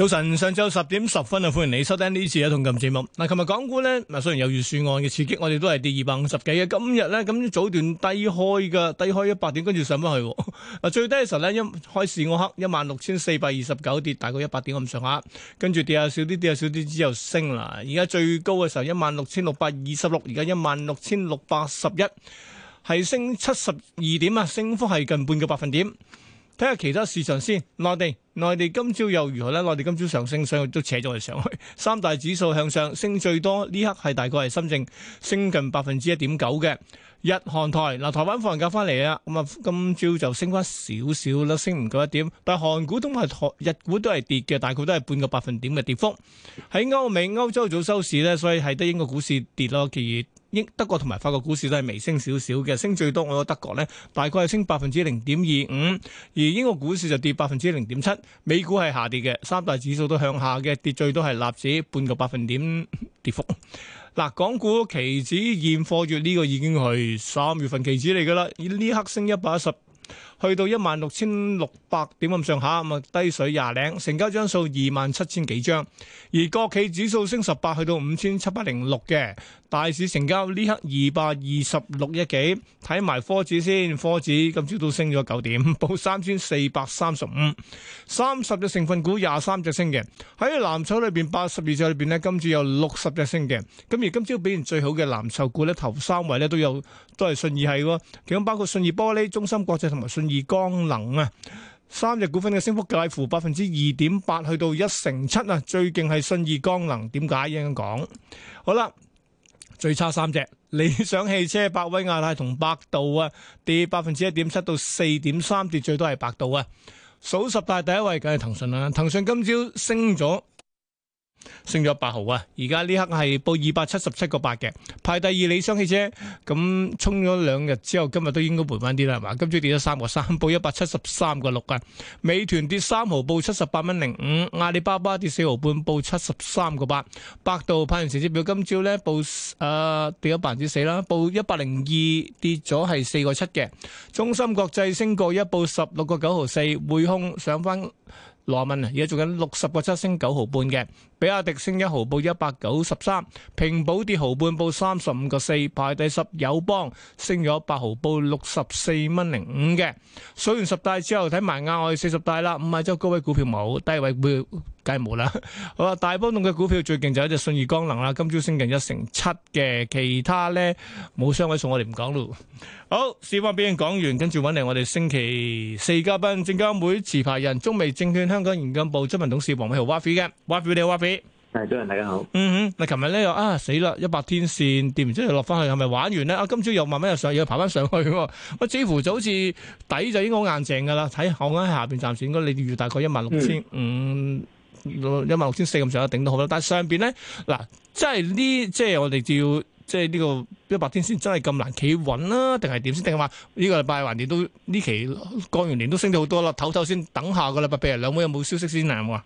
早晨，上晝十點十分啊！歡迎你收聽呢次啊，同琴節目。嗱，琴日港股呢，嗱，雖然有預算案嘅刺激，我哋都係跌二百五十幾嘅。今日呢，咁早段低開嘅，低開一百點，跟住上翻去。嗱，最低嘅時候呢，一開市嗰刻一萬六千四百二十九跌，大過一百點咁上下，跟住跌下少啲，跌下少啲，之後升啦。而家最高嘅時候一萬六千六百二十六，而家一萬六千六百十一，係升七十二點啊，升幅係近半個百分點。睇下其他市場先，內地，內地今朝又如何咧？內地今朝上升上去，都扯咗佢上去，三大指數向上升，最多呢刻係大概係深圳升近百分之一點九嘅。日韓台。嗱，台灣放完假翻嚟啊，咁啊今朝就升翻少少啦，升唔夠一點。但係韓股都係韓日股都係跌嘅，大概都係半個百分點嘅跌幅。喺歐美，歐洲早收市咧，所以係得英國股市跌咯，其英、德國同埋法國股市都係微升少少嘅，升最多我覺得德國咧，大概係升百分之零點二五，而英國股市就跌百分之零點七，美股係下跌嘅，三大指數都向下嘅，跌最多係納指半個百分點跌幅。嗱，港股期指現貨月呢個已經係三月份期指嚟噶啦，以呢刻升一百一十。去到一萬六千六百點咁上下，咁啊低水廿零，成交張數二萬七千幾張，而國企指數升十八，去到五千七百零六嘅，大市成交呢刻二百二十六億幾，睇埋科指先，科指今朝都升咗九點，報三千四百三十五，三十隻成分股廿三隻升嘅，喺藍籌裏邊八十二隻裏邊呢，今朝有六十隻升嘅，咁而今朝表現最好嘅藍籌股呢，頭三位呢都有都係信義系，其中包括信義玻璃、中心國際同埋信義。信義光能啊，三隻股份嘅升幅介乎百分之二點八去到一成七啊，最勁係信義光能，點解？應該講好啦，最差三隻理想汽車、百威亞太同百度啊，跌百分之一點七到四點三，跌最多係百度啊。數十大第一位梗係騰訊啦，騰訊今朝升咗。升咗八毫啊！而家呢刻係報二百七十七個八嘅，排第二。理想汽車咁衝咗兩日之後，今日都應該回翻啲啦，係嘛？今朝跌咗三個三，報一百七十三個六啊。美團跌三毫，報七十八蚊零五。阿里巴巴跌四毫半，報七十三個八。百度派完成績表，今朝咧報誒跌咗百分之四啦，報一百零二，跌咗係四個七嘅。中芯國際升過一，報十六個九毫四。匯控上翻羅文啊，而家做緊六十個七，升九毫半嘅。比亞迪升一毫，報一百九十三；平保跌毫半，報三十五個四。排第十友邦升咗八毫，報六十四蚊零五嘅。數完十大之後，睇埋額外四十大啦。五十周高位股票冇，低位股票梗係冇啦。好啊，大波動嘅股票最勁就係一隻信義光能啦，今朝升近一成七嘅。其他咧冇雙位數，我哋唔講咯。好，市況俾你講完，跟住揾嚟，我哋星期四嘉賓，證監會持牌人，中美證券香港研究部執行董事黃偉豪 （Wafi） 嘅。Wafi，你係 Wafi？係，早上大家好。嗯哼，嗱，琴日咧又啊死啦，一百天線跌唔之佢落翻去，係咪玩完呢？啊，今朝又慢慢又上，又爬翻上去。我、呃、似乎就好似底就已經好硬淨噶啦，睇下邊喺下邊暫時應該你預大概一萬六千五、一萬六千四咁上下頂都好啦。但係上邊咧嗱，真係呢，即係我哋照，即係呢個一百天線真係咁難企穩啦，定係點先？定係話呢個禮拜還掂都呢期過完年都升咗好多啦？唞唞先，等下個禮拜，譬如兩妹有冇消息先啦？啊。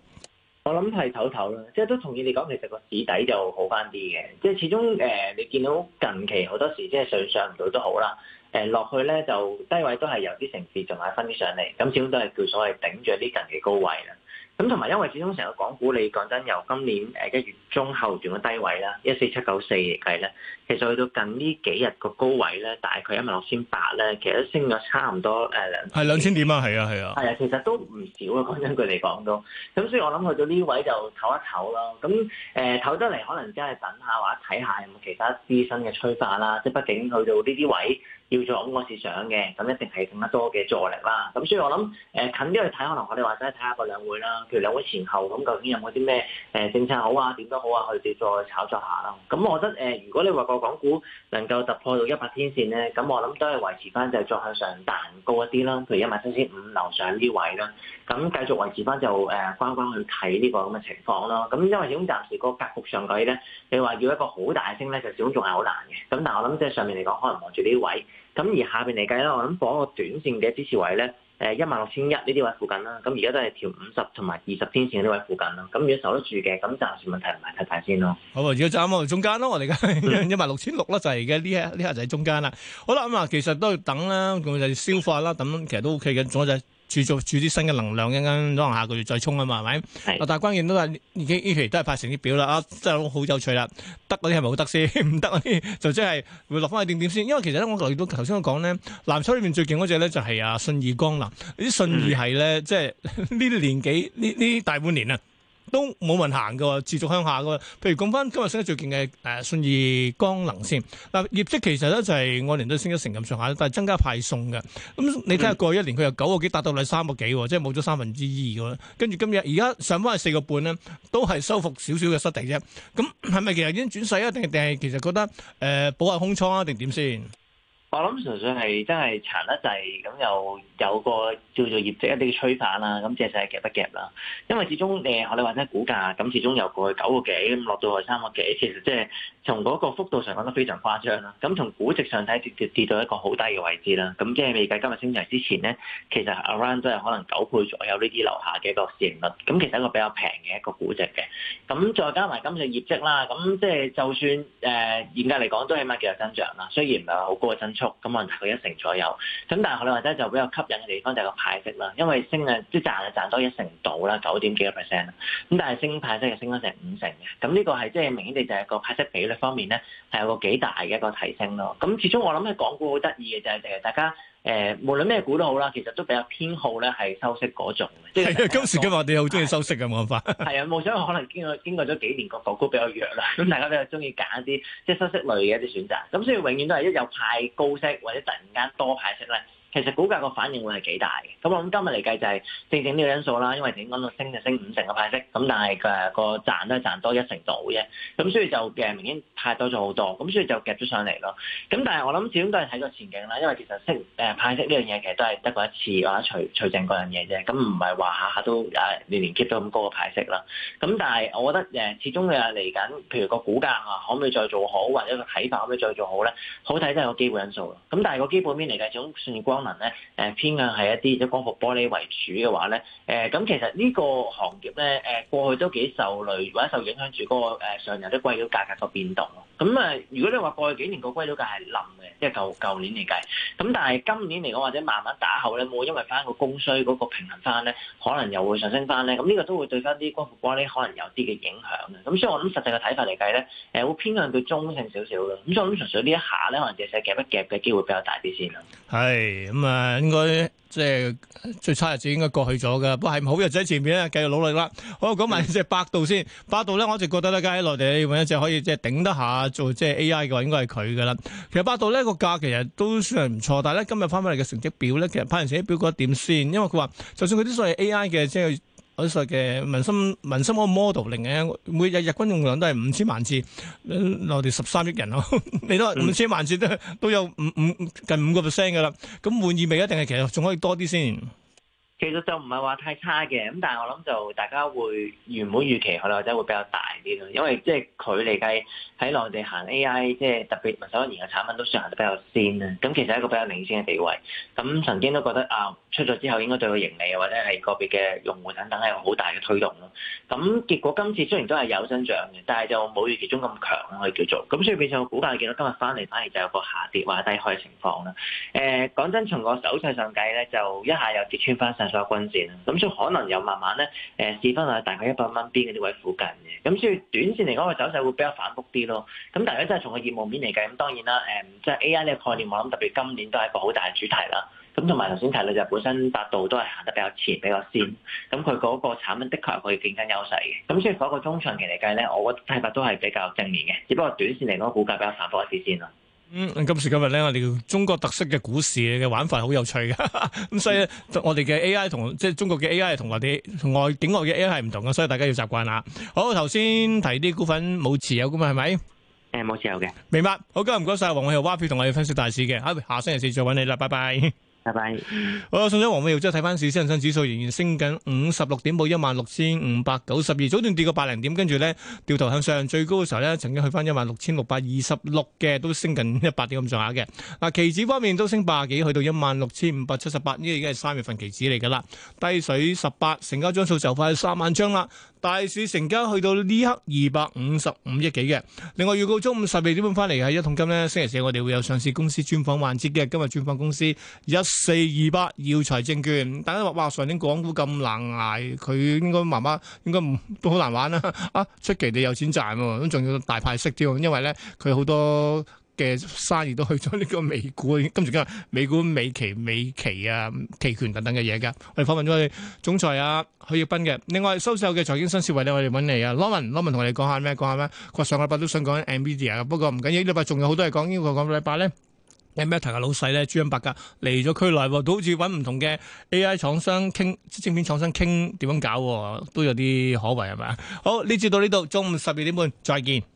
我諗係頭頭啦，即係都同意你講，其實個市底就好翻啲嘅。即係始終誒、呃，你見到近期好多時即係上上唔到都好啦，誒、呃、落去咧就低位都係有啲城市仲係買分啲上嚟，咁始終都係叫所謂頂住啲近期高位啦。咁同埋，因為始終成個港股，你講真由今年誒一月中後段嘅低位啦，一四七九四亦計咧，其實去到近呢幾日個高位咧，大概一萬六千八咧，其實都升咗差唔多誒兩係兩千點啊！係啊，係啊，係啊，啊，啊，其實都唔少啊！講真佢嚟講都，咁所以我諗去到呢位就唞一唞咯。咁誒唞得嚟，可能真係等下，下，下或者睇下有冇其他資深嘅催化啦。即係畢竟去到呢啲位，要做咁多次上嘅，咁一定係更加多嘅助力啦。咁所以我諗誒近啲去睇，可能我哋或者睇下個兩會啦。譬如兩會前後，咁究竟有冇啲咩誒政策好啊？點都好啊？佢哋再炒作下啦。咁我覺得誒、呃，如果你話個港股能夠突破到一百天線咧，咁我諗都係維持翻，就係再向上彈高一啲啦。譬如一萬三千五樓上呢位啦，咁繼續維持翻就誒、呃，關關去睇呢個咁嘅情況咯。咁因為現時暫時個格局上舉咧，你話要一個好大升咧，就始終仲係好難嘅。咁但係我諗即係上面嚟講，可能望住呢位。咁而下邊嚟計咧，我諗嗰個短線嘅支持位咧。誒，一萬六千一呢啲位附近啦，咁而家都係調五十同埋二十天線呢位附近啦，咁如果守得住嘅，咁暫時問題唔係太大先咯。好啊，而家站喺我哋中間咯，我哋而家一萬六千六啦就係嘅，呢一呢下就喺中間啦。好啦，咁啊，其實都要等啦，咁就消化啦，等，其實都 OK 嘅，仲有、就是注做注啲新嘅能量，一陣間可能下個月再衝啊嘛，係咪？是但係關鍵都係已經呢期都係發成啲表啦，啊，真係好有趣啦！得嗰啲係咪好得先？唔得嗰啲就即係會落翻去點點先？因為其實咧，我留意到頭先我講咧，藍籌裏面最勁嗰隻咧就係啊信義光能，啲信義係咧，嗯、即係呢啲年幾呢呢大半年啊。都冇運行嘅喎，持續向下嘅。譬如講翻今日升得最勁嘅誒信義光能先，嗱、啊、業績其實咧就係、是、按年都升一成咁上下，但係增加派送嘅。咁你睇下過去一年佢由九個幾達到你三個幾，即係冇咗三分之二嘅。跟住今日而家上翻係四個半咧，都係收復少少嘅失地啫。咁係咪其實已經轉勢啊？定定係其實覺得誒、呃、補下空倉啊？定點先？我諗純粹係真係殘得滯，咁又有個叫做業績一啲嘅催化啦，咁借勢係夾不夾啦？因為始終誒我哋話緊股價，咁、呃、始終又過去九個幾，咁落到去三個幾，其實即係從嗰個幅度上講得非常誇張啦。咁從估值上睇，直接跌到一個好低嘅位置啦。咁即係未計今日升嘅之前咧，其實 around 都係可能九倍左右呢啲樓下嘅一個市盈率，咁其實一個比較平嘅一個估值嘅。咁再加埋今日嘅業績啦，咁即係就算誒嚴格嚟講都起碼幾日增長啦，雖然唔係好高嘅增速。咁可能係佢一成左右，咁但係你話咧就比較吸引嘅地方就係個派息啦，因為升嘅即係賺係賺多一成到啦，九點幾個 percent，咁但係升派息係升多成五成嘅，咁呢個係即係明顯地就係個派息比率方面咧係有個幾大嘅一個提升咯，咁始終我諗咧港股好得意嘅就係就係大家。誒，無論咩股都好啦，其實都比較偏好咧係收息嗰種，的即係今時今日我哋好中意收息嘅冇辦法。係 啊，冇錯，可能經過經過咗幾年個港股都比較弱啦，咁大家都係中意揀一啲即係收息類嘅一啲選擇，咁所以永遠都係一有派高息或者突然間多派息咧。其實股價個反應會係幾大嘅，咁我諗今日嚟計就係正正呢個因素啦，因為點講到升就升五成嘅派息，咁但係誒個賺都係賺多一成度嘅，咁所以就明顯派多咗好多，咁所以就夾咗上嚟咯。咁但係我諗始終都係睇個前景啦，因為其實升誒派息呢樣嘢其實都係得過一次或者除除淨嗰樣嘢啫，咁唔係話下下都誒年年 keep 到咁高嘅派息啦。咁但係我覺得誒始終誒嚟緊，譬如個股價話可唔可以再做好，或者個睇法可唔可以再做好咧？好睇都係個基本因素咯。咁但係個基本面嚟計，始終光。咧誒偏向係一啲即係光伏玻璃為主嘅話咧，誒咁其實呢個行業咧誒過去都幾受累或者受影響住嗰個誒上游啲硅料價格個變動咯。咁啊，如果你話過去幾年個硅料價係冧嘅，即係舊舊年嚟計，咁但係今年嚟講或者慢慢打後咧，冇因為翻個供需嗰個平衡翻咧，可能又會上升翻咧。咁呢個都會對翻啲光伏玻璃可能有啲嘅影響嘅。咁所以我諗實際嘅睇法嚟計咧，誒會偏向佢中性少少咯。咁所以我諗純粹呢一下咧，可能隻手夾一夾嘅機會比較大啲先啦。係。咁啊、嗯，應該即係最差日子應該過去咗噶，不過係好日子喺前面啊，繼續努力啦。好，講埋隻百度先， 百度咧，我一直覺得咧，喺內地揾一隻可以即係頂得下做即係 AI 嘅，應該係佢噶啦。其實百度咧個價其實都算係唔錯，但係咧今日翻翻嚟嘅成績表咧，其實完成績表覺得點先？因為佢話，就算佢啲所謂的 AI 嘅即係。好實嘅民心，民心嗰個 model，另外每日日均用量都係五千萬次，內地十三億人咯， 你都五千萬次都都有五五近五個 percent 嘅啦。咁滿意未？一定係其實仲可以多啲先？其實就唔係話太差嘅，咁但係我諗就大家會原本預期，可能或者會比較大啲咯。因為即係佢嚟計喺內地行 A.I.，即係特別唔少一年嘅產品都算行得比較先啦。咁其實係一個比較領先嘅地位。咁曾經都覺得啊，出咗之後應該對個盈利或者係個別嘅用戶等等係有好大嘅推動咯。咁結果今次雖然都係有增長嘅，但係就冇預期中咁強咯，可以叫做。咁所以變相個股價見到今日翻嚟反而就有個下跌或者低開嘅情況啦。誒、呃，講真從個手勢上計咧，就一下又跌穿翻收均線啦，咁所以可能又慢慢咧，誒試翻喺大概一百蚊 B 嘅呢位附近嘅，咁所以短線嚟講個走勢會比較反覆啲咯。咁但係咧，真係從個業務面嚟計，咁當然啦，誒即係 AI 呢個概念，我諗特別今年都係一個好大嘅主題啦。咁同埋頭先提到就本身百度都係行得比較前比較先，咁佢嗰個產品的確係可以競爭優勢嘅。咁所以喺個中長期嚟計咧，我覺得睇法都係比較正面嘅，只不過短線嚟講股價比較反覆一啲先咯。嗯，今時今日咧，我哋中國特色嘅股市嘅玩法好有趣嘅，咁 所以我哋嘅 A.I. 同即係中國嘅 A.I. 同我哋同外境外嘅 A.I. 係唔同嘅，所以大家要習慣啦。好，頭先提啲股份冇持有噶嘛，係咪？誒、嗯，冇持有嘅。明白，好，唔該晒，黃偉豪蛙片同我哋分析大市嘅，下星期四再搵你啦，拜拜。拜拜。好啦，信咗黃偉豪，即係睇翻市恒生指數仍然升緊五十六點，到一萬六千五百九十二。早段跌過八零點，跟住呢，掉頭向上，最高嘅時候呢，曾經去翻一萬六千六百二十六嘅，都升緊一百點咁上下嘅。嗱，期指方面都升八啊幾，去到一萬六千五百七十八，呢個已經係三月份期指嚟噶啦。低水十八，成交張數就快三萬張啦。大市成交去到呢刻二百五十五億幾嘅。另外，預告中午十二點半翻嚟係一桶金，呢星期四我哋會有上市公司專訪環節嘅，今日專訪公司一。四二八耀才證券，大家話哇，上年港股咁難捱，佢應該慢慢應該唔都好難玩啦、啊。啊，出奇地有錢賺喎、啊，咁仲要大派息添、啊，因為咧佢好多嘅生意都去咗呢個美股，今住今日，美股美期美期啊，期權等等嘅嘢嘅。我哋訪問咗我哋總裁阿、啊、許業斌嘅。另外，收市嘅財經新視維呢，我哋揾你啊，Lawrence，Lawrence 同我哋講下咩，講下咩？個上個禮拜都想講 NVIDIA 啊，不過唔緊要，呢個禮拜仲有好多嘢講，應該講到禮拜咧。阿 Meta 嘅老細咧，朱克伯格嚟咗區內，都好似揾唔同嘅 AI 廠商傾，即係芯片廠商傾點樣搞，都有啲可為係咪？好，呢節到呢度，中午十二點半再見。